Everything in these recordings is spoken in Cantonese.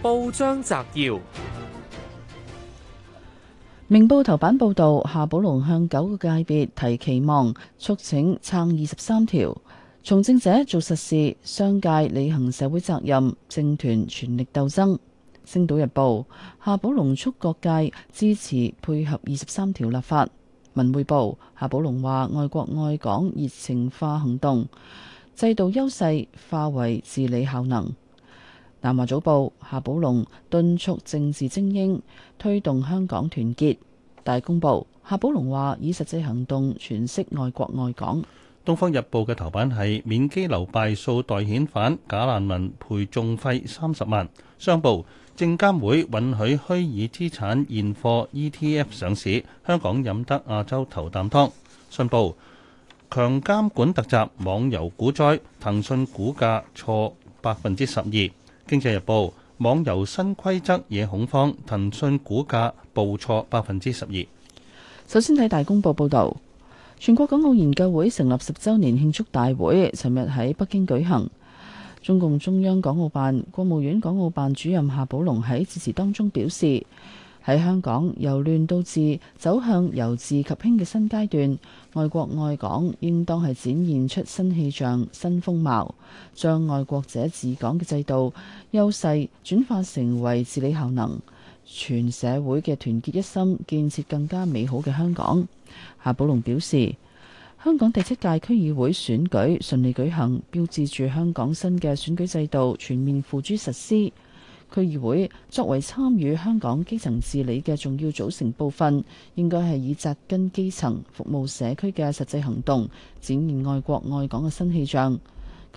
報章摘要：明報頭版報道，夏寶龍向九個界別提期望，促請撐二十三條，從政者做實事，商界履行社會責任，政團全力鬥爭。星島日報：夏寶龍促各界支持配合二十三條立法。文匯報：夏寶龍話愛國愛港熱情化行動，制度優勢化為治理效能。南華早報，夏寶龍敦促政治精英推動香港團結。大公報，夏寶龍話：以實際行動詮釋愛國愛港。東方日報嘅頭版係免基劉拜訴代遣返，假難民賠訟費三十萬。商報，證監會允許虛擬資產現貨 ETF 上市，香港飲得亞洲頭啖湯。信報，強監管突襲網遊股災，騰訊股價挫百分之十二。經濟日報網遊新規則惹恐慌，騰訊股價暴挫百分之十二。首先睇大公報報導，全國港澳研究會成立十週年慶祝大會，尋日喺北京舉行。中共中央港澳辦、國務院港澳辦主任夏寶龍喺致辭當中表示。喺香港由亂到治走向由治及興嘅新階段，愛國愛港應當係展現出新氣象、新風貌，將愛國者治港嘅制度優勢轉化成為治理效能，全社會嘅團結一心，建設更加美好嘅香港。夏寶龍表示，香港第七屆區議會選舉順利舉行，標誌住香港新嘅選舉制度全面付諸實施。區議會作為參與香港基層治理嘅重要組成部分，應該係以扎根基層、服務社區嘅實際行動，展現愛國愛港嘅新氣象。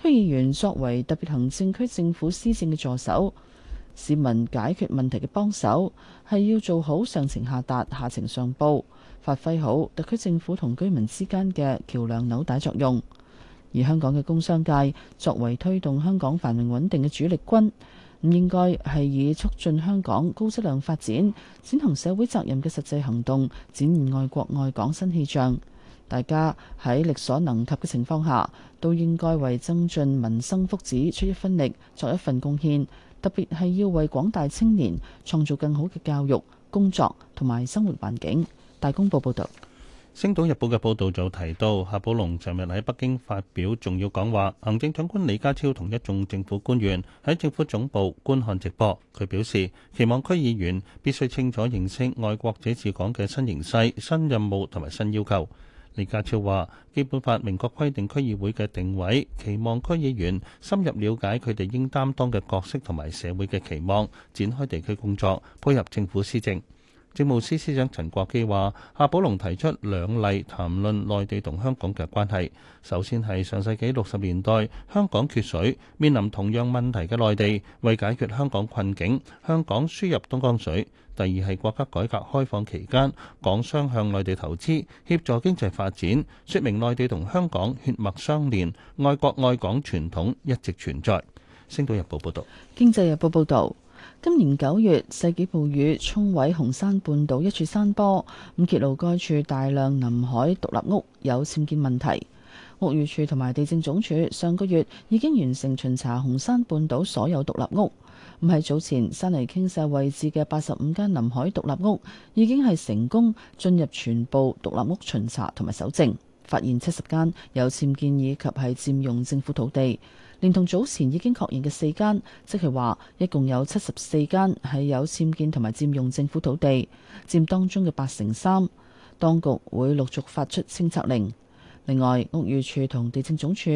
區議員作為特別行政區政府施政嘅助手、市民解決問題嘅幫手，係要做好上情下達、下情上報，發揮好特區政府同居民之間嘅橋梁紐帶作用。而香港嘅工商界作為推動香港繁榮穩定嘅主力軍。唔應該係以促進香港高質量發展、踐行社會責任嘅實際行動，展現愛國愛港新氣象。大家喺力所能及嘅情況下，都應該為增進民生福祉出一分力、作一份貢獻，特別係要為廣大青年創造更好嘅教育、工作同埋生活環境。大公報報道。《星島日報》嘅報導就提到，夏寶龍尋日喺北京發表重要講話，行政長官李家超同一眾政府官員喺政府總部觀看直播。佢表示期望區議員必須清楚認識愛國者治港嘅新形勢、新任務同埋新要求。李家超話，《基本法》明確規定區議會嘅定位，期望區議員深入了解佢哋應擔當嘅角色同埋社會嘅期望，展開地區工作，配合政府施政。政務司司長陳國基話，夏寶龍提出兩例談論內地同香港嘅關係，首先係上世紀六十年代香港缺水，面臨同樣問題嘅內地為解決香港困境，香港輸入東江水。第二係國家改革開放期間，港商向內地投資，協助經濟發展，說明內地同香港血脈相連，愛國愛港傳統一直存在。星島日報報道，經濟日報報道。今年九月，世紀暴雨沖毀紅山半島一處山坡，咁揭露該處大量臨海獨立屋有僭建問題。屋宇署同埋地政總署上個月已經完成巡查紅山半島所有獨立屋，咁喺早前山泥傾瀉位置嘅八十五間臨海獨立屋，已經係成功進入全部獨立屋巡查同埋搜證，發現七十間有僭建以及係佔用政府土地。連同早前已經確認嘅四間，即係話一共有七十四間係有僭建同埋佔用政府土地，佔當中嘅八成三。當局會陸續發出清拆令。另外，屋宇署同地政總署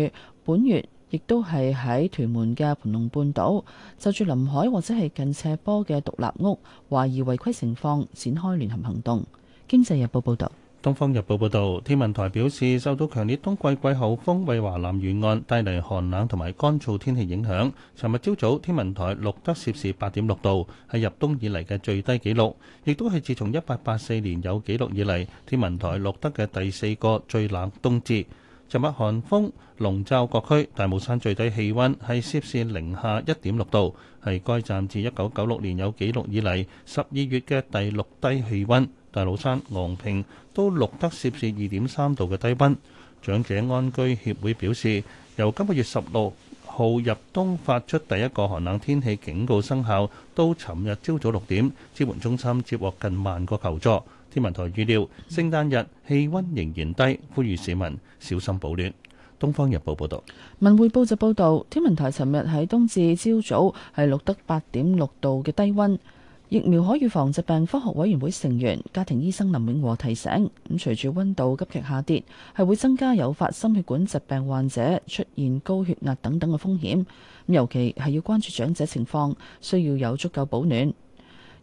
本月亦都係喺屯門嘅盤龍半島就住臨海或者係近斜坡嘅獨立屋，懷疑違規情況，展開聯合行動。經濟日報報道。《東方日報》報導，天文台表示，受到強烈冬季季候風為華南沿岸帶嚟寒冷同埋乾燥天氣影響。尋日朝早，天文台錄得攝氏八點六度，係入冬以嚟嘅最低紀錄，亦都係自從一八八四年有記錄以嚟天文台錄得嘅第四個最冷冬至。尋日寒風籠罩各區，大帽山最低氣温係攝氏零下一點六度，係該站自一九九六年有記錄以嚟十二月嘅第六低氣温。大老山、昂坪都錄得攝氏二點三度嘅低溫。長者安居協會表示，由今個月十六號入冬發出第一個寒冷天氣警告生效，到尋日朝早六點，支援中心接獲近萬個求助。天文台預料聖誕日氣温仍然低，呼籲市民小心保暖。《東方日報》報導，文匯報就報導，天文台尋日喺冬至朝早係錄得八點六度嘅低温。疫苗可預防疾病。科學委員會成員、家庭醫生林永和提醒：咁隨住温度急劇下跌，係會增加誘發心血管疾病患者出現高血壓等等嘅風險。尤其係要關注長者情況，需要有足夠保暖。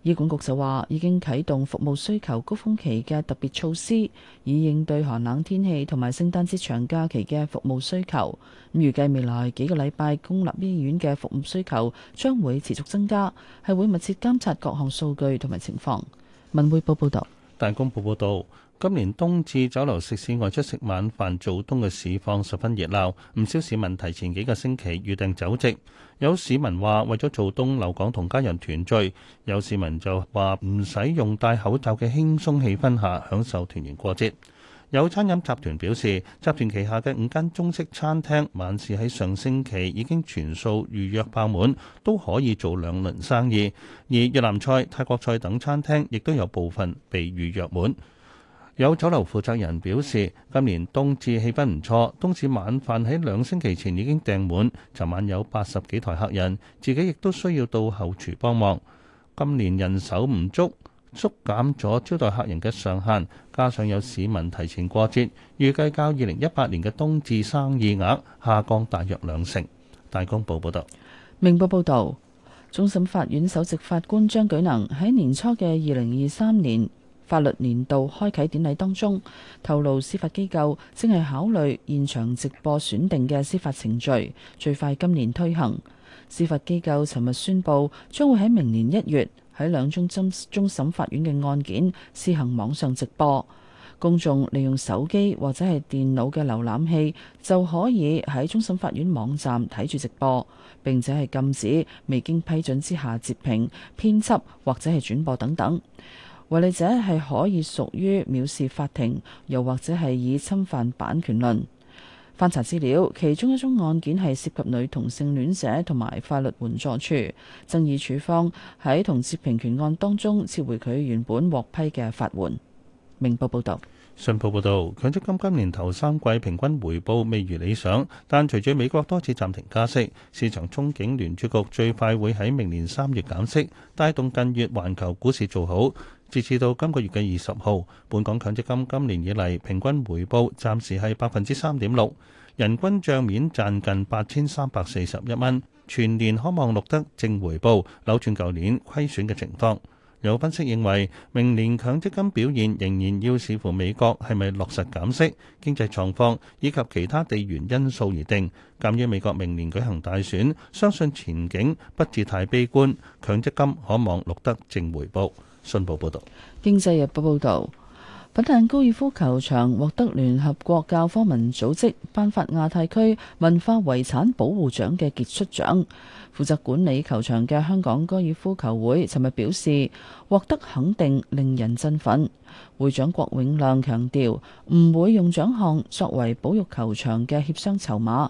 醫管局就話，已經啟動服務需求高峰期嘅特別措施，以應對寒冷天氣同埋聖誕節長假期嘅服務需求。預計未來幾個禮拜，公立醫院嘅服務需求將會持續增加，係會密切監察各項數據同埋情況。文匯報報道。大公報報導。今年冬至，酒樓食肆外出食晚飯、做冬嘅市況十分熱鬧，唔少市民提前幾個星期預訂酒席。有市民話：為咗做冬留港同家人團聚。有市民就話唔使用戴口罩嘅輕鬆氣氛下，享受團圓過節。有餐飲集團表示，集團旗下嘅五間中式餐廳，晚市喺上星期已經全數預約爆滿，都可以做兩輪生意。而越南菜、泰國菜等餐廳亦都有部分被預約滿。有酒樓負責人表示，今年冬至氣氛唔錯，冬至晚飯喺兩星期前已經訂滿，尋晚有八十幾台客人，自己亦都需要到後廚幫忙。今年人手唔足，縮減咗招待客人嘅上限，加上有市民提前過節，預計較二零一八年嘅冬至生意額下降大約兩成。大公報報導，明報報導，終審法院首席法官張舉能喺年初嘅二零二三年。法律年度開啓典禮當中，透露司法機構正係考慮現場直播選定嘅司法程序，最快今年推行。司法機構尋日宣布，將會喺明年一月喺兩宗終終審法院嘅案件試行網上直播，公眾利用手機或者係電腦嘅瀏覽器就可以喺終審法院網站睇住直播。並且係禁止未經批准之下截屏、編輯或者係轉播等等。獲利者係可以屬於藐視法庭，又或者係以侵犯版權論。翻查資料，其中一宗案件係涉及女同性戀者同埋法律援助處，爭議處方喺同涉平權案當中撤回佢原本獲批嘅法援。明報報道，信報報道，強積金今年頭三季平均回報未如理想，但隨住美國多次暫停加息，市場憧憬聯儲局最快會喺明年三月減息，帶動近月環球股市做好。截至到今個月嘅二十號，本港強積金今年以嚟平均回報暫時係百分之三點六，人均賬面賺近八千三百四十一蚊，全年可望錄得正回報，扭轉舊年虧損嘅情況。有分析則認為，明年強積金表現仍然要視乎美國係咪落實減息、經濟狀況以及其他地緣因素而定。鑒於美國明年舉行大選，相信前景不至太悲觀，強積金可望錄得正回報。信報報道，《經濟日報》報道，粉嶺高爾夫球場獲得聯合國教科文組織頒發亞太區文化遺產保護獎嘅傑出獎。負責管理球場嘅香港高爾夫球會尋日表示，獲得肯定令人振奮。會長郭永亮強調，唔會用獎項作為保育球場嘅協商籌碼。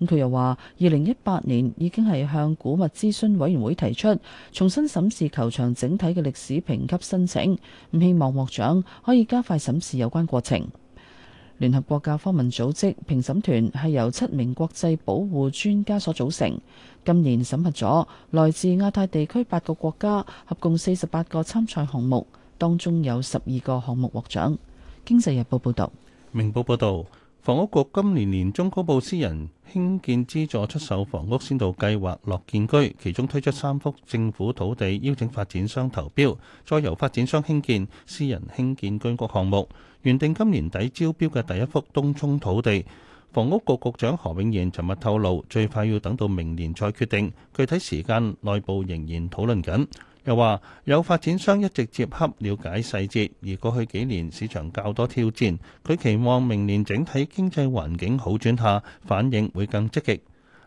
咁佢又話：二零一八年已經係向古物諮詢委員會提出重新審視球場整體嘅歷史評級申請，咁希望獲獎可以加快審視有關過程。聯合國教科文組織評審團係由七名國際保護專家所組成，今年審核咗來自亞太地區八個國家合共四十八個參賽項目，當中有十二個項目獲獎。經濟日報報道。明報報導。房屋局今年年中公布私人興建資助出售房屋先導計劃落建居，其中推出三幅政府土地邀請發展商投標，再由發展商興建私人興建居屋項目。原定今年底招標嘅第一幅東涌土地，房屋局局長何永賢尋日透露，最快要等到明年再決定具體時間，內部仍然討論緊。又話有發展商一直接洽了解細節，而過去幾年市場較多挑戰，佢期望明年整體經濟環境好轉下，反應會更積極。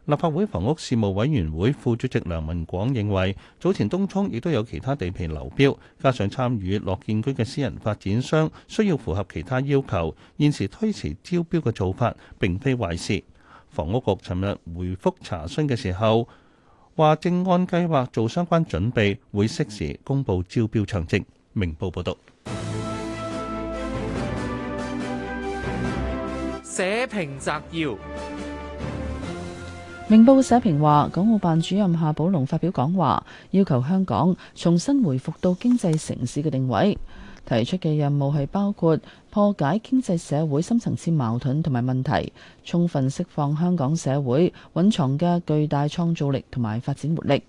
立法會房屋事務委員會副主席梁文廣認為，早前東涌亦都有其他地皮流標，加上參與樂建居嘅私人發展商需要符合其他要求，現時推遲招標嘅做法並非壞事。房屋局尋日回覆查詢嘅時候，話正按計劃做相關準備，會適時公布招標詳情。明報報道。社評摘要：明報社評話，港澳辦主任夏寶龍發表講話，要求香港重新回復到經濟城市嘅定位。提出嘅任務係包括破解經濟社會深層次矛盾同埋問題，充分釋放香港社會蘊藏嘅巨大創造力同埋發展活力。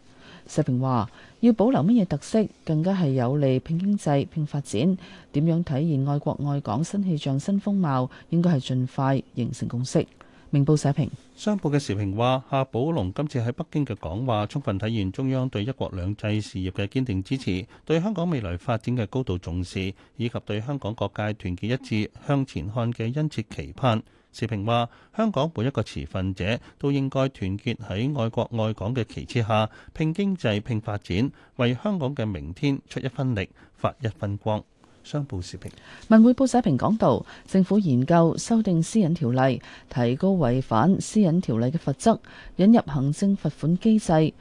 石平話：要保留乜嘢特色，更加係有利拼經濟拼發展，點樣體現愛國愛港新氣象新風貌，應該係盡快形成共識。明報社評，商報嘅時評話：夏寶龍今次喺北京嘅講話，充分體現中央對一國兩制事業嘅堅定支持，對香港未來發展嘅高度重視，以及對香港各界團結一致向前看嘅殷切期盼。時評話，香港每一個持份者都應該團結喺愛國愛港嘅旗幟下，拼經濟、拼發展，為香港嘅明天出一分力、發一分光。商報社評，文匯報社評講到：政府研究修訂私隱條例，提高違反私隱條例嘅罰則，引入行政罰款機制，咁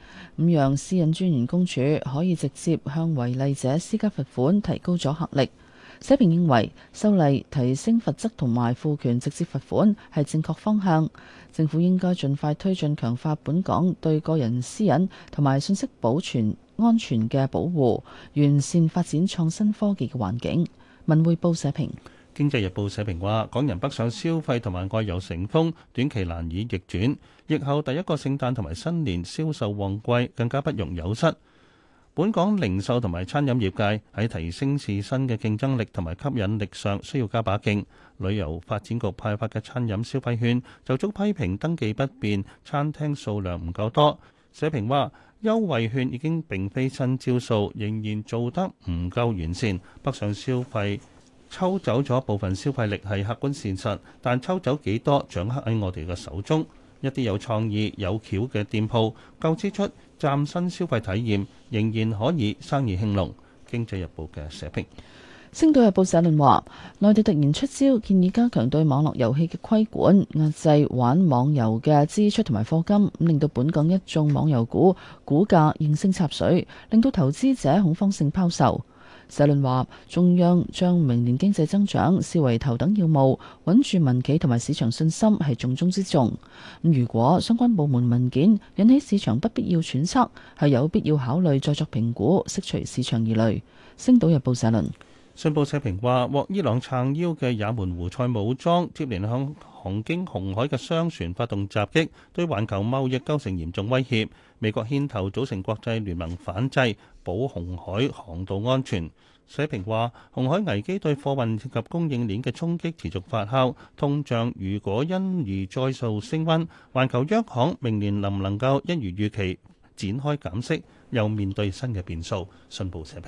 讓私隱專員公署可以直接向違例者施加罰款，提高咗嚇力。社評認為修例提升罰則同埋賦權直接罰款係正確方向，政府應該盡快推進強化本港對個人私隱同埋信息保存。安全嘅保護，完善發展創新科技嘅環境。文匯報社評、經濟日報社評話，港人北上消費同埋外遊成風，短期難以逆轉疫後第一個聖誕同埋新年銷售旺季更加不容有失。本港零售同埋餐飲業界喺提升自身嘅競爭力同埋吸引力上，需要加把勁。旅遊發展局派發嘅餐飲消費券就遭批評登記不便，餐廳數量唔夠多。社評話。優惠券已經並非新招數，仍然做得唔夠完善。北上消費抽走咗部分消費力係客觀現實，但抽走幾多掌握喺我哋嘅手中。一啲有創意、有橋嘅店鋪構思出嶄新消費體驗，仍然可以生意興隆。經濟日報嘅社評。星島日報社論話，內地突然出招，建議加強對網絡遊戲嘅規管，壓制玩網遊嘅支出同埋課金，令到本港一眾網遊股股價應聲插水，令到投資者恐慌性拋售。社論話，中央將明年經濟增長視為頭等要務，穩住民企同埋市場信心係重中之重。如果相關部門文件引起市場不必要揣測，係有必要考慮再作評估，釋除市場疑慮。星島日報社論。信報社評話，獲伊朗撐腰嘅也門胡塞武裝接連向航經紅海嘅商船發動襲擊，對環球貿易構成嚴重威脅。美國牽頭組成國際聯盟反制，保紅海航道安全。社評話，紅海危機對貨運及供應鏈嘅衝擊持續發酵，通脹如果因而再受升溫，環球央行明年能唔能夠一如預期展開減息，又面對新嘅變數。信報社評。